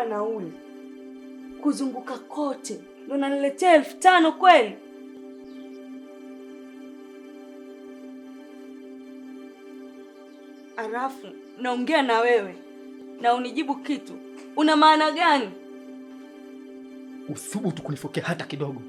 kulipa nauli, kuzunguka kote, ndio naniletea elfu tano kweli? arafu naongea na wewe na unijibu kitu, una maana gani? Uthubutu kunifokea hata kidogo.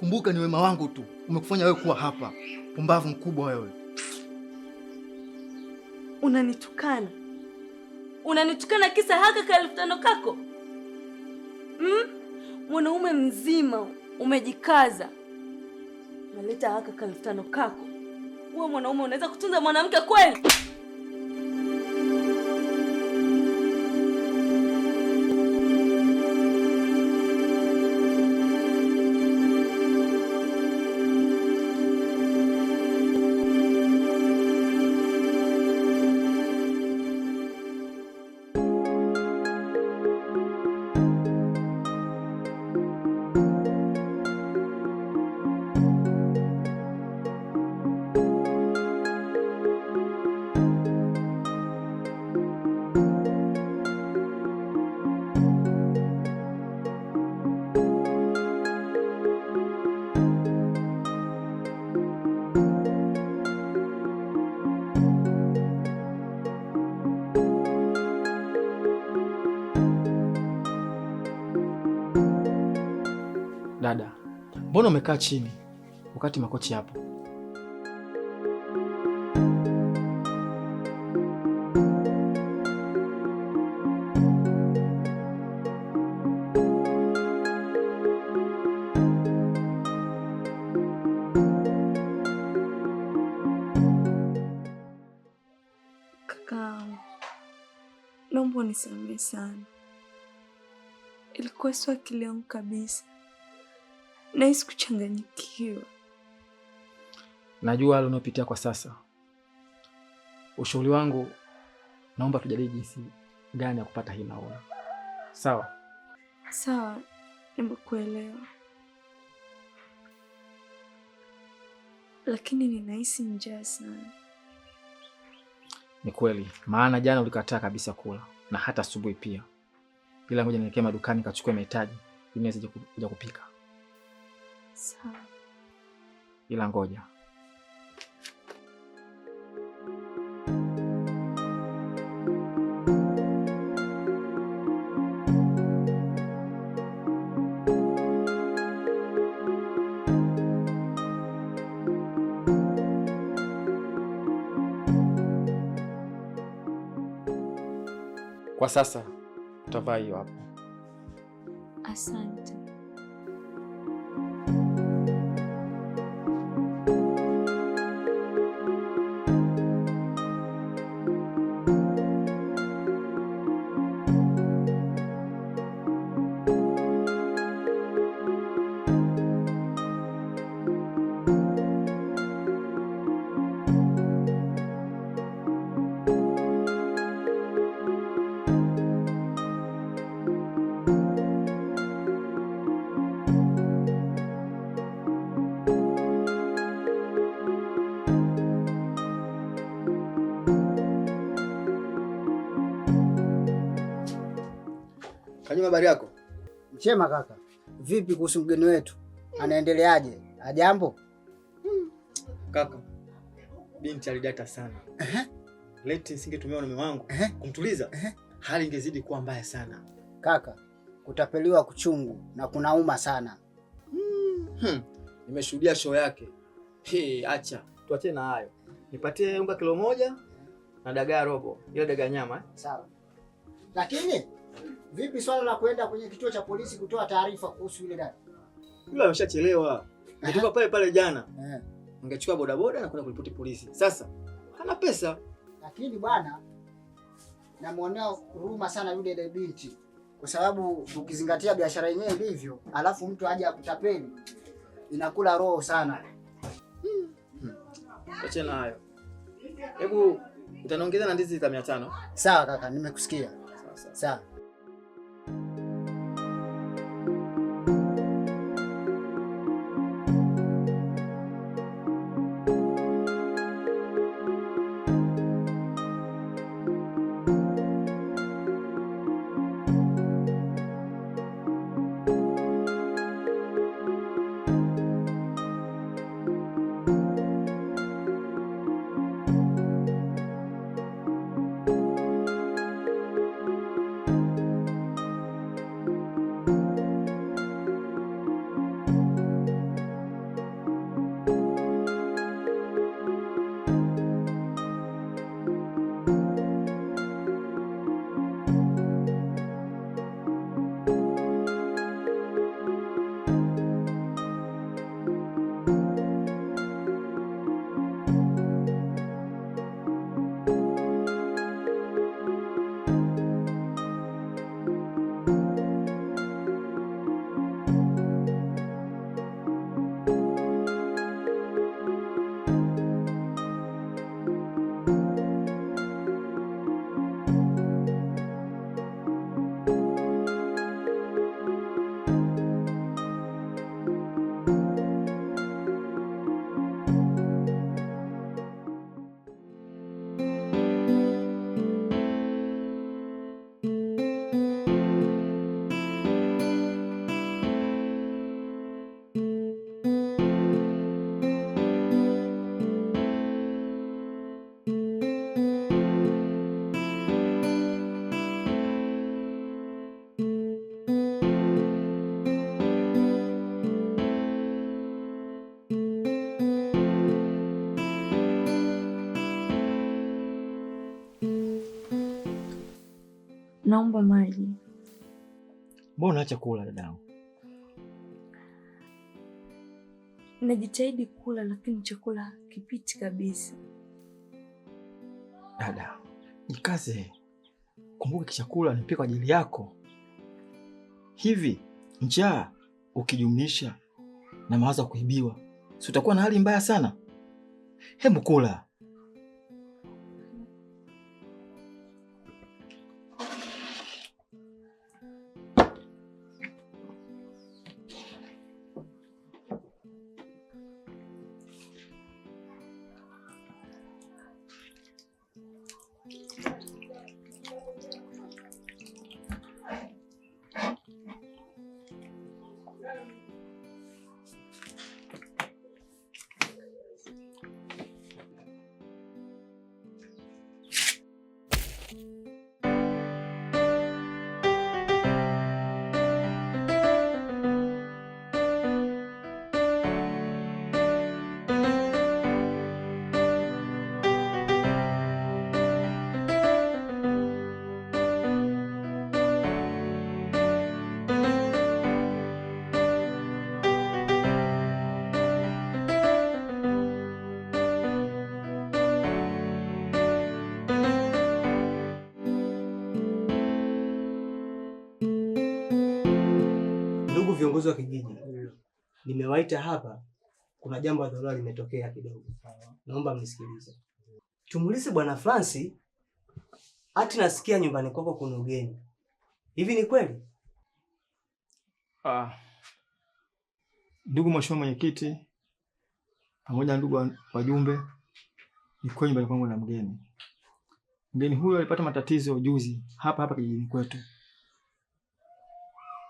Kumbuka ni wema wangu tu umekufanya wewe kuwa hapa. Pumbavu mkubwa wewe! Unanitukana, unanitukana kisa haka ka elfu tano kako mwanaume mzima umejikaza, naleta haka kalfu tano kako. Uwe mwanaume unaweza kutunza mwanamke kweli? Mbona umekaa chini wakati makochi hapo? Naomba unisamehe sana, ilikuwa sio akili yangu kabisa nahisi kuchanganyikiwa. Najua hali unayopitia kwa sasa. Ushauri wangu, naomba tujadili jinsi gani ya kupata hii naona. Sawa sawa, nimekuelewa, lakini ninahisi njaa sana. Ni kweli, maana jana ulikataa kabisa kula na hata asubuhi pia. Ila ngoja nielekee madukani kachukua mahitaji ili niweze kuja kupika. Ila ngoja kwa sasa utavaa hiyo hapo. Asante. Chema kaka, vipi kuhusu mgeni wetu, anaendeleaje? Ajambo kaka, binti alidata sana. Leti singetumia mume wangu kumtuliza, hali ingezidi kuwa mbaya sana kaka. Kutapeliwa kuchungu na kunauma sana. Hmm. Nimeshuhudia show yake. Hey, acha tuachie na hayo, nipatie unga kilo moja na dagaa robo, ile dagaa nyama eh? Sawa, lakini Vipi swala la kwenda kwenye kituo cha polisi kutoa taarifa kuhusu yule dada? Yule ameshachelewa. Nitoka pale pale jana. Eh. Ungechukua bodaboda na kwenda kulipoti polisi. Sasa ana pesa. Lakini bwana namwonea huruma sana yule dada binti. Kwa sababu ukizingatia biashara yenyewe ilivyo, alafu mtu aje akutapeli inakula roho sana. Hmm. Hmm. hayo. Hebu utaniongeza na ndizi za 500. Sawa kaka, nimekusikia. Sawa sawa. Sawa. Naomba maji. Mbona unaacha kula dadangu? Najitahidi kula lakini chakula kipiti kabisa. Dada, jikaze. Kumbuka kichakula nipika kwa ajili yako. Hivi njaa ukijumlisha na mawazo kuibiwa, si utakuwa na hali mbaya sana? Hebu kula. nimewaita hapa, kuna jambo la dharura limetokea kidogo, naomba mnisikilize. Tumulize bwana Fransi, ati nasikia nyumbani kwako kuna ugeni, hivi ni kweli? Ah, ndugu mheshimiwa mwenyekiti pamoja na ndugu wajumbe, ni kweli nyumbani kwangu na mgeni. Mgeni huyo alipata matatizo juzi hapa hapa kijijini kwetu,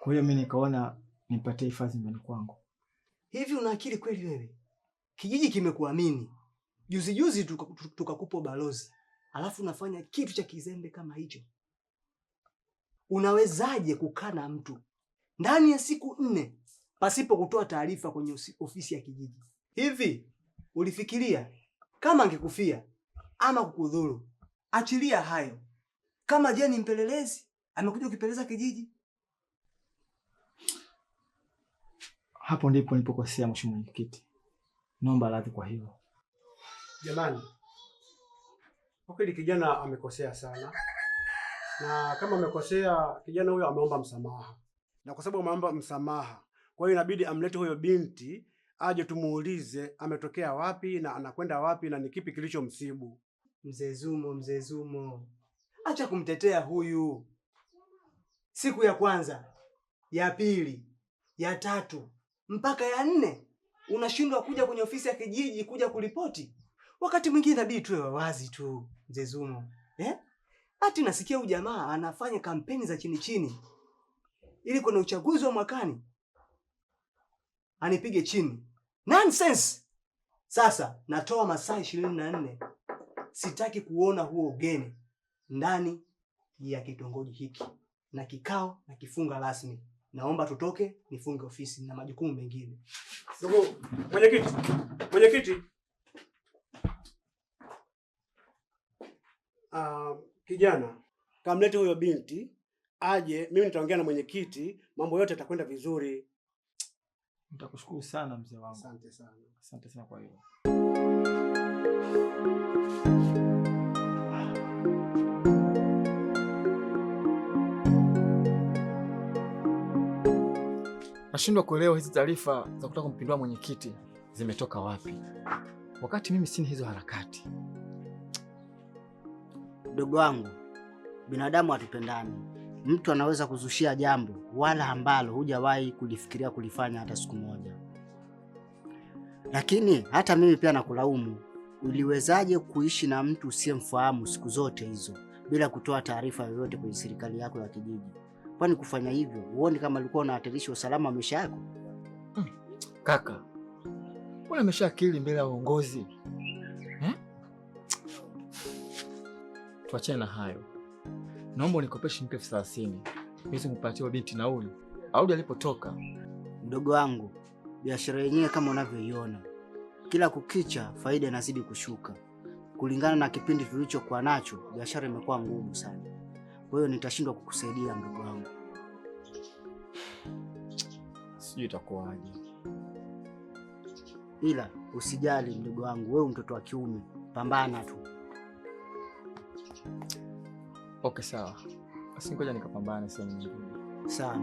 kwa hiyo mimi nikaona nimpatie hifadhi nyumbani kwangu. Hivi una akili kweli wewe? Kijiji kimekuamini juzi juzi, tukakupa balozi, alafu unafanya kitu cha kizembe kama hicho. Unawezaje kukaa na mtu ndani ya siku nne pasipo kutoa taarifa kwenye ofisi ya kijiji? Hivi ulifikiria kama angekufia ama kukudhuru? Achilia hayo, kama je ni mpelelezi amekuja ukipeleza kijiji Hapo ndipo nilipokosea, mheshimiwa mwenyekiti, naomba radhi kwa hilo. Jamani, kwa kweli kijana amekosea sana, na kama amekosea, kijana huyo ameomba msamaha, na kwa sababu ameomba msamaha, kwa hiyo inabidi amlete huyo binti aje tumuulize ametokea wapi na anakwenda wapi na ni kipi kilichomsibu. Mzee Zumo, mzee Zumo, acha kumtetea huyu. Siku ya kwanza, ya pili, ya tatu mpaka ya nne unashindwa kuja kwenye ofisi ya kijiji kuja kuripoti. Wakati mwingine inabidi tuwe wawazi tu, mzee Zumo eh? Ati nasikia huyu jamaa anafanya kampeni za chini chini ili kuna uchaguzi wa mwakani anipige chini. Nonsense! Sasa natoa masaa ishirini na nne, sitaki kuona huo ugeni ndani ya kitongoji hiki, na kikao na kifunga rasmi naomba tutoke, nifunge ofisi na majukumu mengine. Ndugu mwenyekiti, mwenyekiti, uh, kijana kamlete huyo binti aje, mimi nitaongea na mwenyekiti, mambo yote yatakwenda vizuri. Nitakushukuru sana mzee wangu. Asante sana. Asante sana kwa hiyo. Nashindwa kuelewa hizi taarifa za kutaka kumpindua mwenyekiti zimetoka wapi, wakati mimi sina hizo harakati. Mdogo wangu, binadamu hatupendani. Mtu anaweza kuzushia jambo wala ambalo hujawahi kulifikiria kulifanya hata siku moja, lakini hata mimi pia nakulaumu. Uliwezaje kuishi na mtu usiyemfahamu siku zote hizo bila kutoa taarifa yoyote kwenye serikali yako ya kijiji? Kwani kufanya hivyo huoni kama alikuwa unahatarisha usalama wa maisha yako? Hmm. Kaka, una maisha akili mbele ya uongozi hmm? Tuachane na hayo, naomba unikopeshe shilingi elfu thelathini niweze kupatiwa binti nauli audi alipotoka. Mdogo wangu, biashara yenyewe kama unavyoiona, kila kukicha faida inazidi kushuka. Kulingana na kipindi tulichokuwa nacho, biashara imekuwa ngumu sana. Kwa hiyo nitashindwa kukusaidia mdogo wangu, sijui itakuwaje, ila usijali mdogo wangu, wewe mtoto wa kiume, pambana tu. Okay, sawa. Basi ngoja nikapambane sehemu nyingine. Sawa.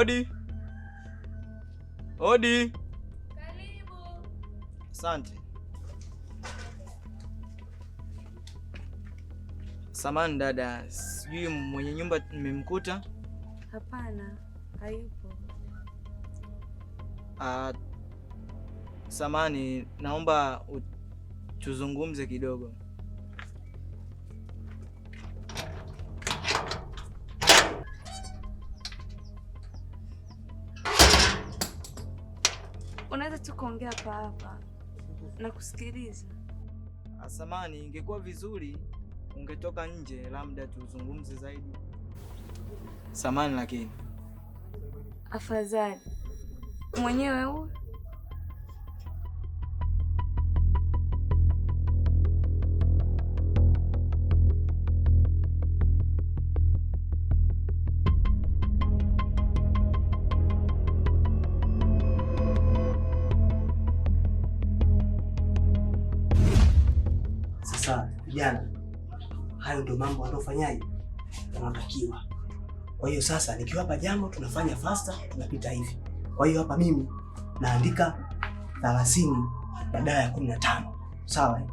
Odi. Odi. Karibu. Asante. Samani dada, sijui mwenye nyumba mmemkuta? Hapana, hayupo. Ah, samani, naomba tuzungumze kidogo. tu kuongea hapa hapa na kusikiliza. Asamani, ingekuwa vizuri ungetoka nje, labda tuzungumze zaidi. Samani, lakini afadhali mwenyewe huyu mambo wanaofanyaje wanaotakiwa. Kwa hiyo sasa nikiwapa jambo tunafanya faster, tunapita hivi. Kwa hiyo hapa mimi naandika 30 badala ya 15. Sawa eh?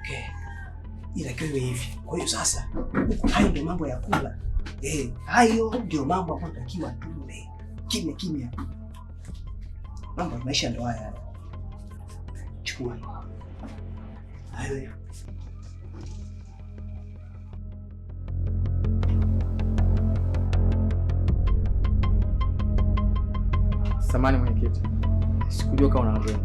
Okay. Ila kiwe hivi. Kwa hiyo sasa huku hayo ndio mambo ya kula. Eh, hayo ndio mambo ambayo tunatakiwa tule. Kimya kimya. Mambo ya maisha ndio haya. Chukua. Hayo. Eh. Samani mwenyekiti, sikujua kama una ngeni.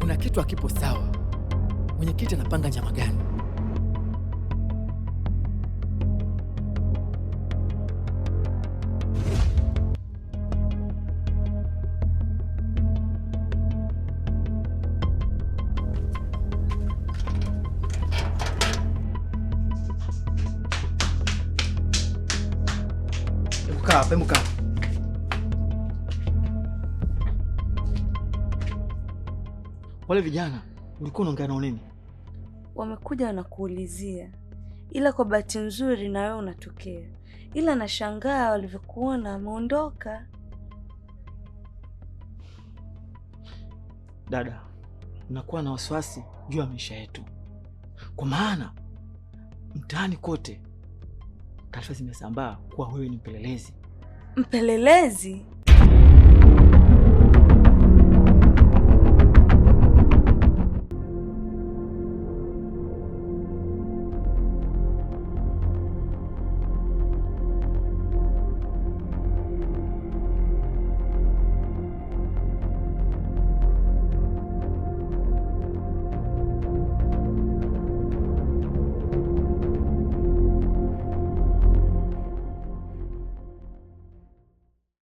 Kuna kitu hakipo sawa. Mwenyekiti anapanga njama gani? Emuka. Wale vijana ulikuwa unaongea nao nini? Wamekuja wanakuulizia, ila kwa bahati nzuri na wewe unatokea, ila nashangaa walivyokuona ameondoka. Dada, nakuwa na wasiwasi juu ya maisha yetu, kwa maana mtaani kote taarifa zimesambaa kuwa wewe ni mpelelezi Mpelelezi